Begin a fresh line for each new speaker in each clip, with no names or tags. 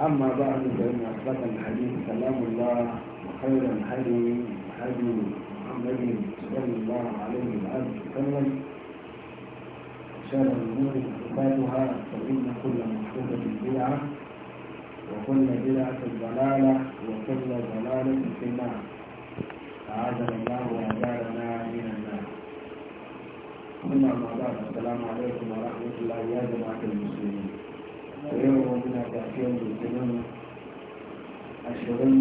أما بعد فإن أصدق الحديث كلام الله وخير الحديث حديث محمد صلى الله عليه وآله وسلم شر الأمور محدثاتها فإن كل محدثة بدعة وكل بدعة ضلالة وكل ضلالة في النار أعاذنا الله وأجارنا من النار ثم أما بعد السلام عليكم ورحمة الله يا جماعة المسلمين da yau muna tafiyar litinin ashirin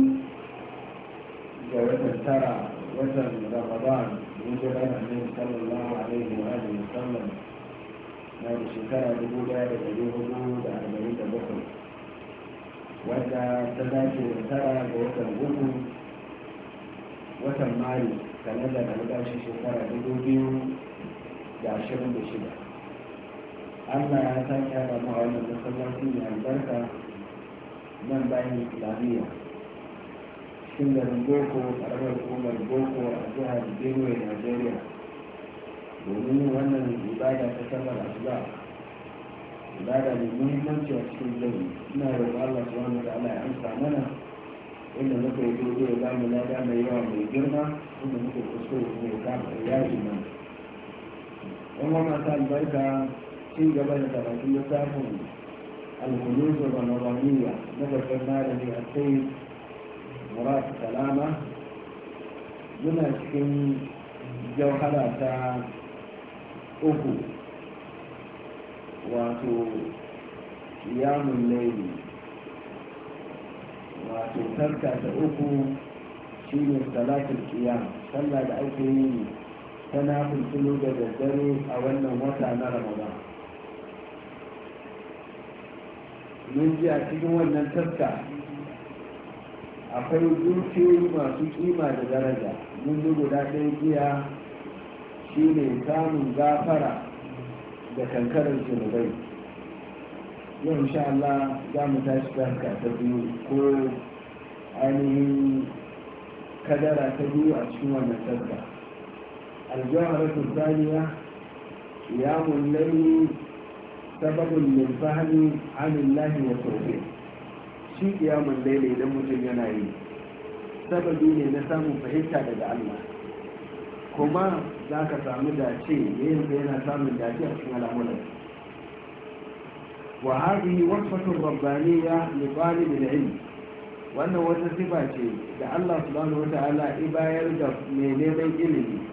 ga watan tara watan ramadan mun jira na nan sallallahu alaihi wa alihi wa sallam na da shekara dubu daya da dari hudu da arba'in da bakwai wadda ta dace da tara ga watan uku watan mayu kalandar albashi shekara dubu biyu da ashirin da shida allah ya sake ba mu a wannan masallaci albarka nan bayan islamiyya da garin boko ƙaramar hukumar boko a jihar benue nigeria domin wannan ibada ta samar a asuba ibada mai muhimmanci a cikin gari ina roƙon allah wani da Allah ya amsa mana inda muka yi dole ya bamu lada mai yawa mai girma inda muka kuskure mai kama yaji mana. Yan wani masu albarka ci gaba da karatun littafin alhuluzu ramadaniya na babban malami a sai murad salama muna cikin jauhara ta uku wato yamun laili wato tarka ta uku shi ne salatul kiyam sallah da ake yi ta nafin tulu da daddare a wannan wata na ramadan mun ji a cikin wannan tafka akwai dukiyoyi masu kima da daraja mun ji guda ɗaya jiya shi ne samun gafara da kankarar zunubai yau insha Allah za mu tashi tafka ta biyu ko ainihin kadara ta biyu a cikin wannan taska الجوهرة الثانية ya الليل sababin min fahmi anillahi wa tawfiq shi kiyamun laila idan mutum yana yi sababi ne na samun fahimta daga Allah kuma za ka samu dace yayin da yana samun dace a cikin al'amuran wa hadhihi wasfatun rabbaniyya li talib al-ilm wannan wata sifa ce da Allah subhanahu wa ta'ala ibayar da mai neman ilimi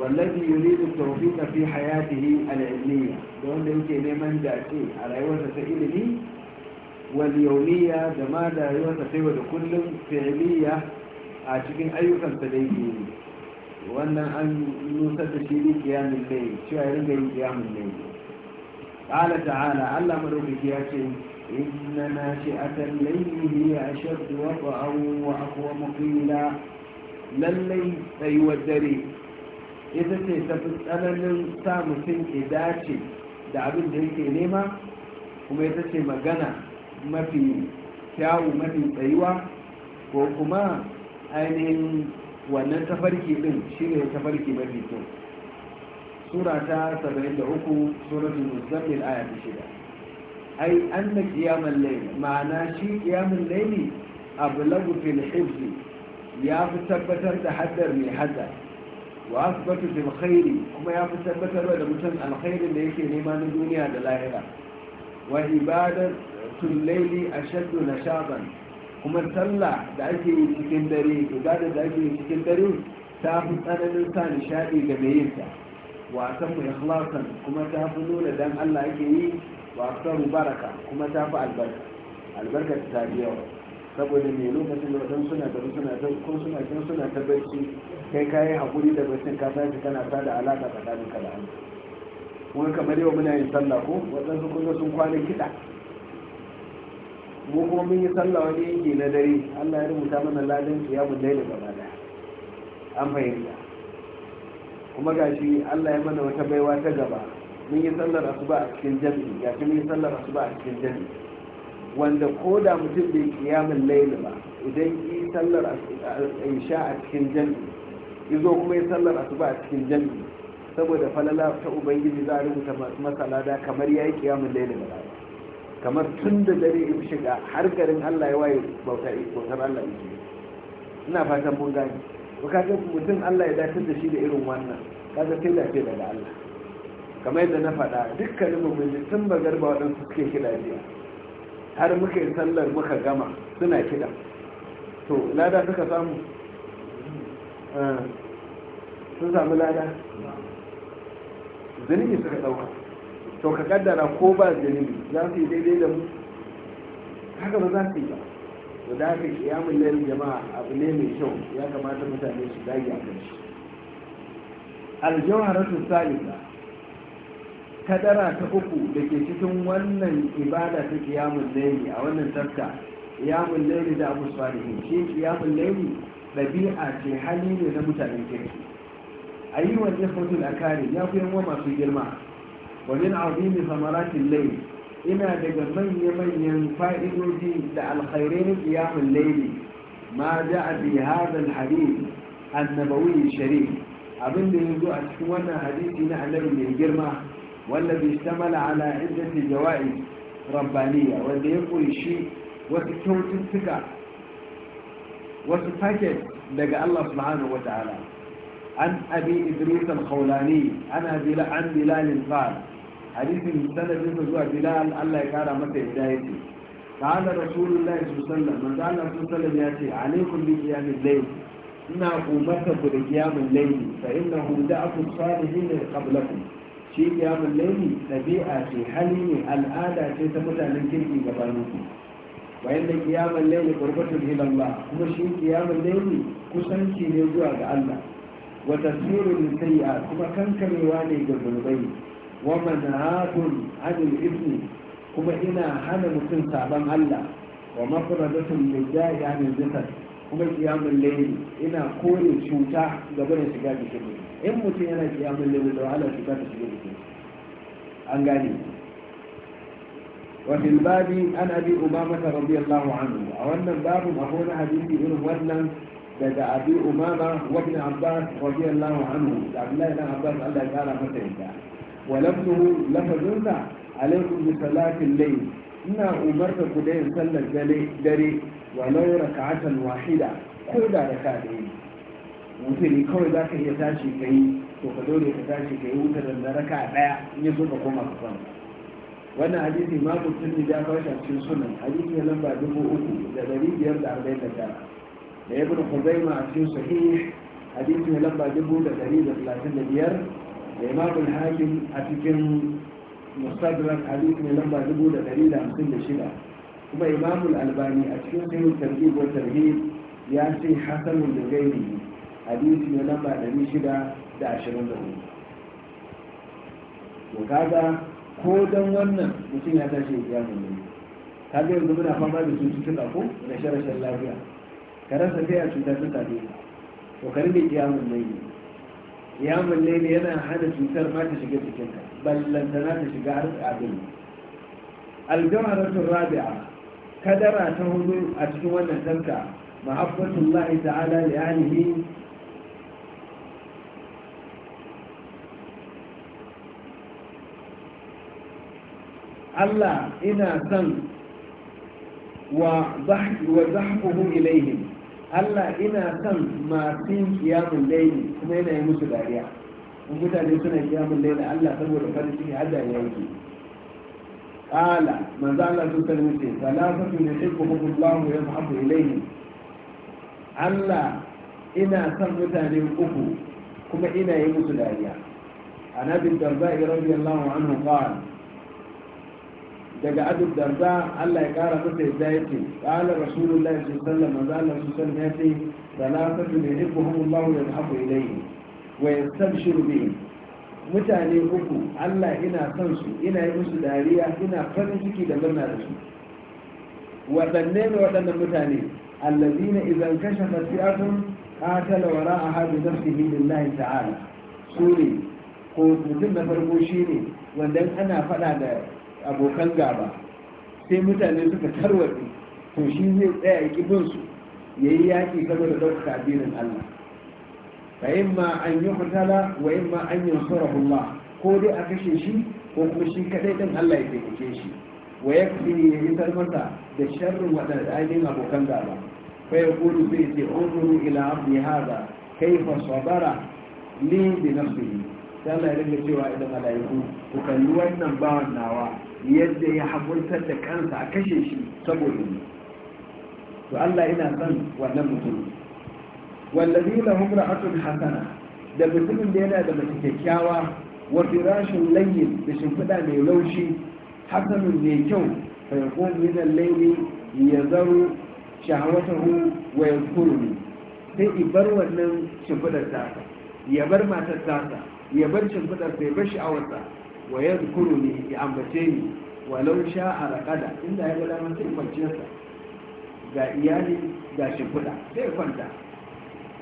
wallazi yuridu tawfiqa fi hayatihi al-ilmiyya da wanda yake neman dace a rayuwarsa ta ilimi wal da ma da rayuwarsa ta da kullum fi'liyya a cikin ayyukansa da yake wannan an nusar da shi ne kiyamin lai cewa ya ringa yin kiyamin lai qala ta'ala Allah madaukaki ya ce inna a layli hiya ashaddu wata'an wa aqwa qila lallai tsayuwar dare ita ce ta fi tsananin sa mutum ke dace da abin da yake nema kuma ita ce magana mafi kyawu mafi tsayuwa ko kuma ainihin wannan tafarki din shi ne tafarki mafi kyau sura ta 73 suratul muzammil aya ta shida ai anna qiyamul layl ma'ana shi qiyamul layli ablagu fil hifz ya fi tabbatar da haddar mai haddar wa asbatu bil khairi kuma ya fi tabbatarwa da mutum alkhairin da yake nema na duniya da lahira wa ibadatul a ashaddu shaban kuma sallah da ake yi cikin dare da ake yi cikin dare ta fi tsananin sa nishaɗi ga mai yin ta wa asamu ikhlasan kuma ta fi nuna dan Allah ake yi wasan baraka kuma ta fi albarka albarka ta yawa saboda mai lokacin da wajen suna da suna ta ko suna kin suna ta barci kai kayi hakuri da barcin ka tashi kana ta da alaka tsakanin ka da Allah kuma kamar yau muna yin sallah ko su kuma sun kwana kiɗa mu kuma mun yi sallah wani yake na dare Allah ya rubuta mana ladan ya dai da gaba da an fahimta kuma gashi Allah ya mana wata baiwa ta gaba mun yi sallar asuba a cikin jami'i gashi mun yi sallar asuba a cikin jami'i wanda ko da mutum bai kiyamin laili ba idan yi sallar insha a cikin jami'i zo kuma yi sallar asuba a cikin jami'i saboda falala ta ubangiji za a rubuta masu masalada kamar ya yi kiyamin laili ba kamar tun da dare ya shiga har garin allah ya waye bautar allah ya ina fatan mun gani ba mutum allah ya dace da shi da irin wannan kaga sai dace daga allah kamar yadda na faɗa dukkanin mu mun ji tun ba garba waɗansu suke kiɗa jiya har muka yi sallar muka gama suna kiɗa to lada suka samu eh, sun samu lada zunubi suka ɗauka to ka kaddara ko ba zunubi za su yi daidai da mu haka ba za su yi ba to da haka kiyamun lalin jama'a abu ne mai kyau ya kamata mutane su dage a kan shi aljawar rasu salisa kadara ta uku da ke cikin wannan ibada ta kiyamun laili a wannan tafka kiyamun laili da abu salihin shi kiyamun laili ɗabi'a ce hali ne na mutanen kirki a yi wa a akari ya fi yawa masu girma wa min azimi samaratin laili ina daga manya-manyan fa'idodi da alkhairai na kiyamun laili ma a bi hadha annabawi sharif abin da ya zo a cikin wannan hadisi na annabi mai girma والذي اشتمل على عدة جوائز ربانية والذي يقول شيء وتكون تتكى وتتكت لقى الله سبحانه وتعالى عن أبي إدريس الخولاني عن أبي عن بلال قال حديث من سنة يسوع بلال الله يكارى متى إدايتي قال رسول الله صلى الله عليه وسلم من قال رسول الله صلى الله عليه وسلم يأتي عليكم بقيام الليل إن أقومتكم بقيام الليل فإنه دعكم صالحين قبلكم shi kiyamun laili ɗabi'a ce hali ne al'ada ce ta mutanen kirki gaba su wa yadda kiyamun laili qurbatul ilallah kuma shi kiyamun laili kusanci ne zuwa ga Allah wa tasirul a kuma kankarewa ne ga zunubai wa manhatun anil ismi kuma ina hana mutum saban Allah wa mafradatun lillahi anil zikar kuma kiyamun laili ina kore cuta gaba da shiga da shigo in mutum yana kiyamun laili da wahala shiga da shigo da an gane wani an abi umamata rabbi allahu anhu a wannan babu aho na hadisi irin wannan daga abi umama wani abbas rabbi allahu anhu da abdullahi dan abbas allah ya kara masa yadda walamtu lafazinsa alaikum bi salatin laili ina umarta ku yin sallar dare walau raka'atan wahida ko da raka da yi mutum ne kawai za ka iya tashi ka yi to ka dole ka tashi ka yi wuta da raka daya in yi ka koma ka san wannan hadisi ma mutum ne ya kawo cikin sunan hadisi na lamba dubu uku da dari biyar da arba'in da tara da ya bin kuzaima a cikin sahih hadisi na lamba dubu da dari da talatin da biyar da imamul hakim a cikin mustadrak hadith mai lamba shida, kuma imamul albani a cikin sayin tarhib wa tarhib ya ce hasanun da gairi hadisi mai lamba hudu. to kaga ko dan wannan mutum ya tashi ya mun ka ga yanzu muna fama da cututtuka ko da sharashin lafiya ka rasa sai a cuta ta tafi to ka rike kiyamun laili kiyamun ne yana hana cutar ma ta shiga cikinka ballantana ta shiga har abin aljamaratun rabi'a kadara ta hudu a cikin wannan tanka mahabbatullahi ta'ala li ahlihi Allah ina son wa zahfuhu ilaihim Allah ina son masu yin kiyamun laili kuma yana yi musu dariya in mutane suna kiyamun laila Allah saboda farin ciki hada ya yi qala manzo Allah sun kalmi ce shi kuma Allah ya yadhhabu ilayhi Allah ina son mutane uku kuma ina yi musu dariya عن ابي الدرداء رضي الله عنه قال daga abu darda Allah ya kara masa yadda ya qala rasulullahi sallallahu alaihi wasallam manzo Allah sallallahu alaihi wasallam ya ce salatu ne kuma Allah ya hafu ilayhi wa yastabshiru mutane uku Allah ina son su ina yi musu dariya ina farin ciki da murna da su waɗanne ne waɗannan mutane allazina idan kashafa fi'atun qatala wara'aha bi nafsihi lillahi ta'ala sune ko mutum na farko shine wanda ana faɗa da abokan gaba sai mutane suka tarwatsi to shi zai tsaya ki bin su yayi yaki saboda ɗaukaka addinin Allah fa imma an yuhtala wa imma an yansurahu Allah ko dai a kashe shi ko kuma shi kaɗai? din Allah ya taimake shi wa yakfi ya isar masa da sharrin wadanda ainihin abokan gaba fa yaqulu sai ce unzuru ila abdi hada kayfa sabara li bi nafsihi sai Allah ya rinka cewa idan malaiku ku kalli wannan bawan nawa yadda ya hakurtar da kansa a kashe shi saboda to Allah ina san wannan mutum wallazi lahum ra'atun hasana da mutumin da yana da mace kyakkyawa wa firashin layyin da shimfiɗa mai laushi hasanun mai kyau fa yakun min al-layli yazaru shahawatahu wa yadhkuruni sai ibar wannan shimfiɗar tasa ya bar matar tasa ya bar shimfiɗar sai bar sha'awarsa wa yadhkuruni ya ambace ni walau sha'a raqada inda ya ga damar sai kwanciyarsa ga iyali ga shimfiɗa sai kwanta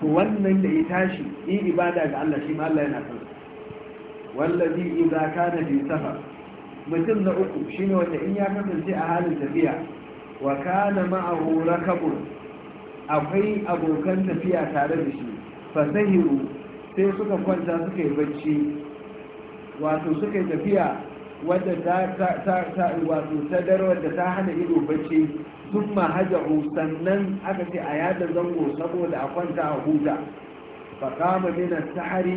to wannan da ya tashi yi ibada ga Allah shi ma Allah yana son wallazi idza kana bi safar mutum na uku shine wanda in ya kasance a halin tafiya wa kana ma'ahu rakabun akwai abokan tafiya tare da shi fasahiru sai suka kwanta suka yi bacci wato suka yi tafiya wadda ta wato ta hana ido bacci sun mahajaru sannan aka ce a yada zango saboda a kwanta a huta faƙama mina sahari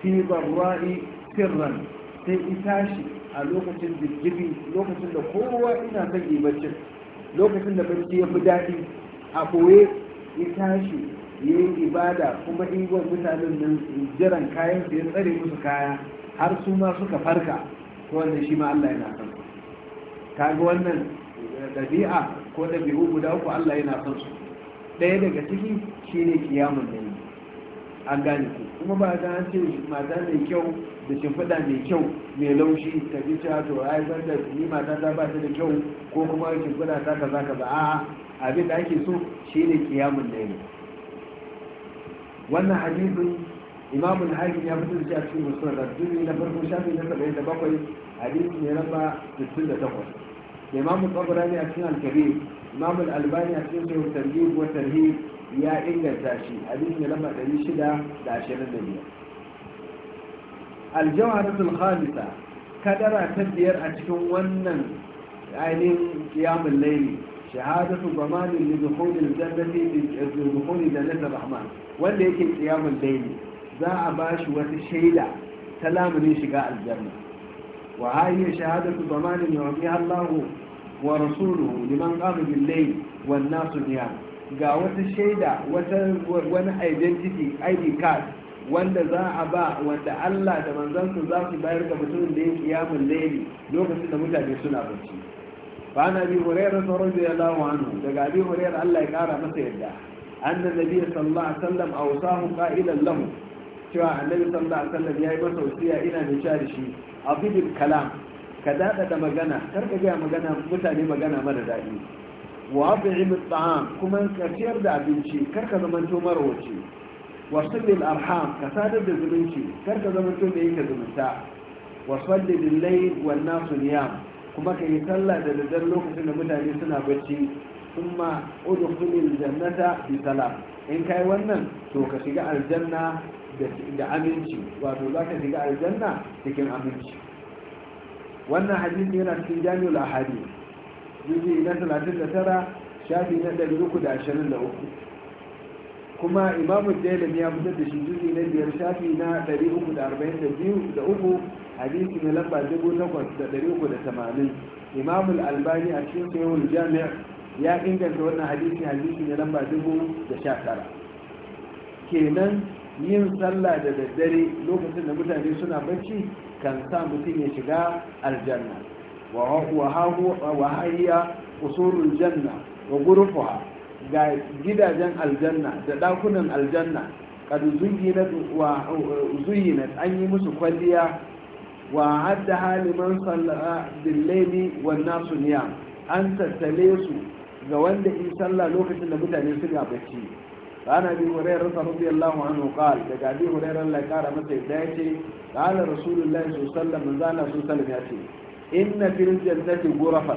fi barra'i sirran sai shi a lokacin jirgin lokacin da kowa ina son ibacin lokacin da barci ya fi daɗi a koye shi ya yi ibada kuma igon mutanen nan jiran kayan su ya tsare musu kaya har su ma suka farka to wanda shi ma Allah yana kan kaga wannan eh, ɗabi'a ko ɗabi'u guda uku Allah yana son su ɗaya daga ciki shine kiyamun da yi an gane ku kuma ba za a ce mata mai kyau da shimfiɗa mai kyau mai laushi ta fi cewa to ai ban da ni mata ta ba ta da kyau ko kuma shimfiɗa ta ka ba? a'a abin da ake so shine kiyamun da yi wannan hadisin imamun al ya fito da cikin musulman da na farko shafi na 77 hadisi ne lamba 68 imam al-qabrani a cikin al-kabir imam al-albani a cikin sahih tarhib wa tarhib ya inganta shi hadisi ne lamba 625 al-jawharatul khamisa kadara ta biyar a cikin wannan ainihin qiyamul layli shahadatu zamanin li dukhulil jannati bi dukhulil wanda yake qiyamul layli za a bashi wata shaida ta lamunin shiga aljanna وهذه شهادة ضمان يعطيها الله ورسوله لمن قام بالليل والناس نيام ga wata shaida wani identity id card wanda za ba wanda Allah da manzansa za su bayar da mutumin da ya kiyamun laili lokacin da mutane suna bacci fa na bi hurairar sauran da yallahu anhu daga abi hurairar Allah ya kara masa yadda annan nabi sallallahu alaihi wasallam awsahu qailan lahu cewa annabi sallallahu alaihi wasallam yayi masa wasiya ina mai da shi afidil kalam ka dada da magana kar ka ga magana mutane magana mara dadi wa at'im at'am kuma ka ciyar da abinci kar ka zama to wuce wa sallil arham ka sadar da zumunci kar ka zama to da yake zumunta wa sallil layl wan nas niyam kuma ka yi sallah da daddar lokacin da mutane suna bacci kuma udkhulil jannata bi salam in kai wannan to ka shiga aljanna da aminci wato za ka shiga aljanna cikin aminci wannan hadisi yana cikin jami'ul ahadi juzi na 39 shafi na 323 kuma imamu jailin ya fitar da shi juzi na biyar shafi na 342 da uku hadisi na lamba 8380 Imamu albani a cikin sayowar jami'a ya inganta wannan hadisi hadisi na lamba 1019 kenan yin sallah da daddare lokacin da mutane suna bacci kan sa mutum ya shiga aljanna wa hayya usulul janna wa gurufuha ga gidajen aljanna da dakunan aljanna kad zuyinat an yi musu kwalliya wa hadda haliman bil layli wan nasu niyam an tattale su ga wanda in sallah lokacin da mutane suna bacci قال ابي هريره رضي الله عنه قال لك أبي هريرة الله قال مثل ذاتي قال رسول الله صلى الله عليه وسلم من ذا الله صلى الله عليه وسلم يأتي في الجنة غرفا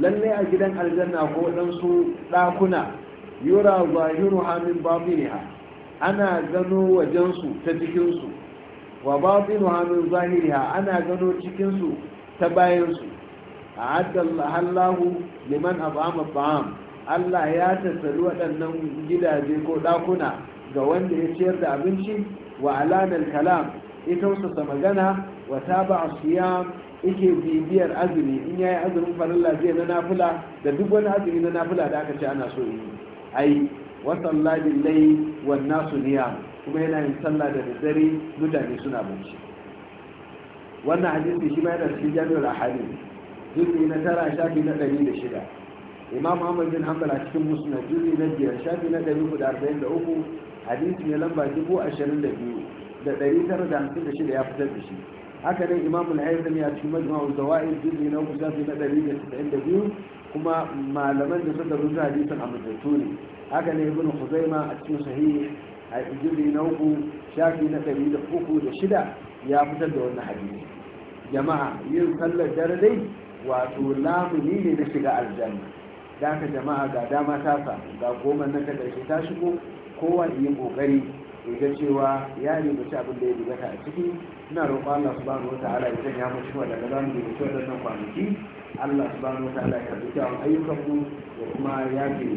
lalle a gidan aljanna ko ɗansu ɗakuna yura zahiru hamin batiniha ana gano wajensu ta cikinsu wa batinu hamin zahiriha ana gano cikinsu ta bayansu a haddallahu liman abama Allah ya tattali waɗannan gidaje ko ɗakuna ga wanda ya ciyar da abinci wa alanar kalam ya tausasa magana wa taba siyam yake bibiyar azumi in ya yi azumin farilla zai na nafula, da duk wani azumi na nafula da aka ce ana so yi ai wasan ladin lai wannan niya kuma yana yin sallah da daddare mutane suna bacci wannan hadisi shi ma yana cikin jami'ar ahadin jirgi na tara shafi na ɗari da shida imam ahmad bin hanbal a cikin musnad juzi na biyar shafi na ɗari arba'in da uku, hadisi ne lamba dubu ashirin da biyu da da da ɗari tara hamsin shida ya fitar da shi haka nan imam al-haythami a cikin majma'u zawaid juzi na uku shafi na ɗari da da biyu? kuma malaman da suka rubuta hadisin amintattu ne haka ne ibn khuzaima a cikin sahih a juzi na uku shafi na ɗari da da uku shida ya fitar da wannan hadisi jama'a yin sallar dare dai wato lamuni ne na shiga aljanna da aka jama'a ga dama tasa ga goma na ta ɗarshe ta shigo kowa yin ƙoƙari ya cewa ya rubuci abin da ya rubuta a ciki ina roƙon Allah subhanahu wata'ala ya sanya wa daga zamu za mu rubuci waɗannan kwanaki Allah wata ala ya karɓi kyawun ayyukanmu da kuma ya ke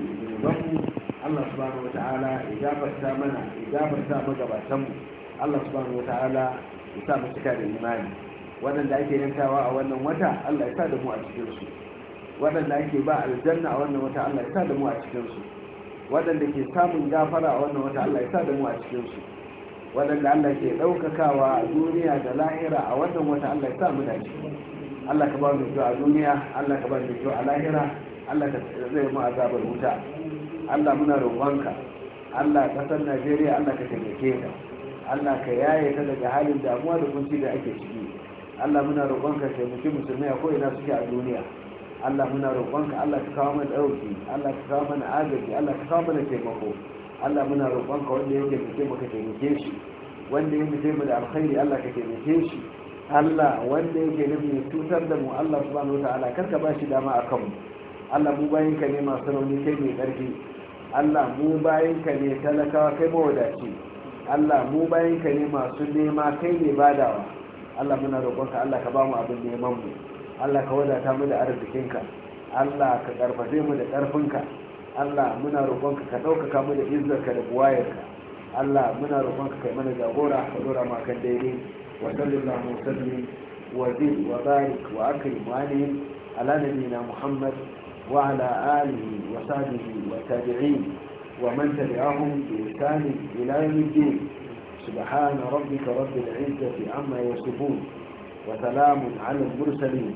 Allah su Allah wata ala ya gafarta mana ya gafarta magabatan mu Allah wata ala ya sa mu cika da imani waɗanda ake yankawa a wannan wata Allah ya sa da mu a cikin su waɗanda ake ba aljanna a wannan wata Allah ya sa da mu a cikinsu waɗanda ke samun gafara a wannan wata Allah ya sa da mu a cikinsu waɗanda Allah ke ɗaukakawa a duniya da lahira a wannan wata Allah ya sa mu da ciki Allah ka ba mu jiyo a duniya Allah ka ba mu jiyo a lahira Allah ka zai mu azabar wuta Allah muna roƙonka Allah ƙasar Najeriya Allah ka taimake ka Allah ka yaye ta daga halin damuwa da kunci da ake ciki Allah muna roƙonka taimaki musulmai a ko'ina suke a duniya Allah muna roƙonka Allah ka kawo mana ɗauki Allah ka kawo mana agaji Allah ka kawo mana taimako Allah muna roƙonka wanda yake mutum ka taimake shi wanda yake taimaka da alkhairi Allah ka taimake shi Allah wanda yake nufin cutar da mu Allah subhanahu wataala kar ka bashi dama a kanmu Allah mu bayin ka ne masu rauni kai mai ƙarfi Allah mu bayin ka ne talakawa kai mawadaci Allah mu bayin ka ne masu nema kai mai badawa Allah muna roƙonka Allah ka ba mu abin neman mu Allah ka wadata mu da arzikinka Allah ka karfafe mu da karfinka Allah muna roƙonka ka ɗaukaka mu da izzarka da buwayarka Allah muna roƙonka kai mana jagora ka dora ma kan daidai wa sallallahu wasallim wa zid wa barik wa akrim wa alim ala nabiyina Muhammad wa ala alihi wa sahbihi wa tabi'in wa man tabi'ahum bi ihsan ila yawm الدين سبحان ربك رب العزة عما يصفون وسلام على المرسلين